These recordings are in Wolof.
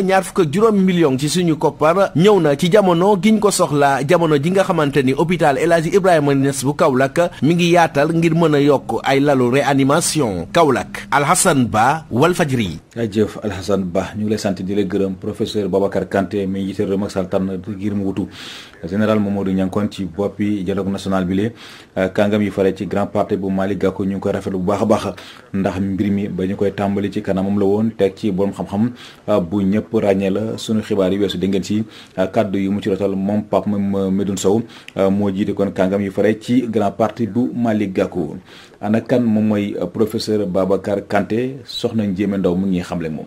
ñaar fukk ak juróom million ci suñu koppar ñëw na ci jamono giñ ko soxla jamono ji nga xamante ni hôpital El Hadji Ibrahima Niass bu Kaolack mi ngi yaatal ngir mën a yokk ay lalu réanimation Kaolack Alhassane Ba Walfadjri. jërëjëf Alhassane Ba ñu ngi lay sant di la gërëm professeur Babacar Kanté mi ngi jiite Rëm ak Saltan ngir mu wutu général Mamadou ñankoon ci boppi dialogue national bi lee kangam yi fare ci grand parti bu Malick Gakou ñu ngi koy rafet bu baax a baax ndax mbir mi ba ñu koy tàmbali ci kanamam la woon teg ci borom xam pour ràññee la suñu xibaar yu weesu dégg ngeen ci ah, kàddu yu mu ci rotal moom Pape Medoune Sow ah, moo jiite kon kàngam yu fare ci grand parti du Malick Gakou ana kan moom mooy ah, professeur Babacar Kanté soxna Ndiémé Ndaw mu ngi xamle moom.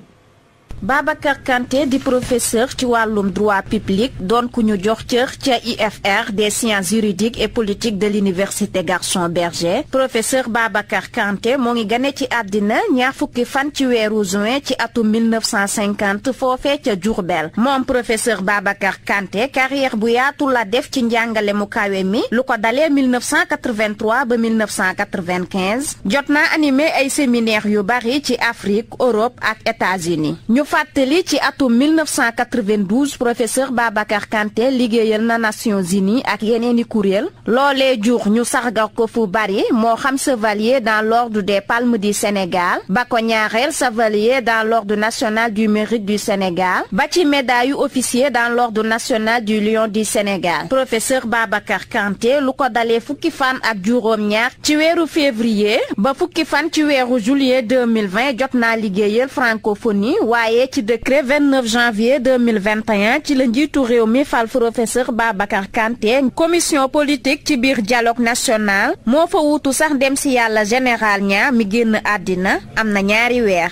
Babacar Kanté di professeur ci wàllum droit public doon ku ñu jox cër ca IFR des sciences juridiques et politiques de l'université Gaston Berger professeur Babacar Kanté moo ngi gane ci àddina ñaar fukki fan ci weeru juin ci atum 1950 foofee ca bel moom professeur Babacar Kanté carrière bu yaatu la def ci njàngale mu kawe mi lu ko dalee 1983 ba 1995 jot na animé ay séminaire yu bari ci Afrique Europe ak États-Unis fàttali ci atum 1992 professeur Babacar Kanté liggéeyal na Nations Unies ak yeneen i kuréel loolee jur ñu sargal ko fu bari moo xam chevalier dans l'ordre des palm di Sénégal ba ko ñaareel chevalier dans l'ordre national du mérite du Sénégal ba ci médaille officier dans l'ordre national du lion du Sénégal professeur Babacar Kanté lu ko dalee fukki fan ak juróom-ñaar ci weeru février ba fukki fan ci weeru juillet 2020 jot naa liggéeyal francophonie waaye waaye ci décret 29 janvier 2021 ci la njiitu réew mi fal professeur Babacar Kanté commission politique ci biir dialogue national moo fa wuutu sax dem si yàlla général ña mi génn àddina am na ñaari weer.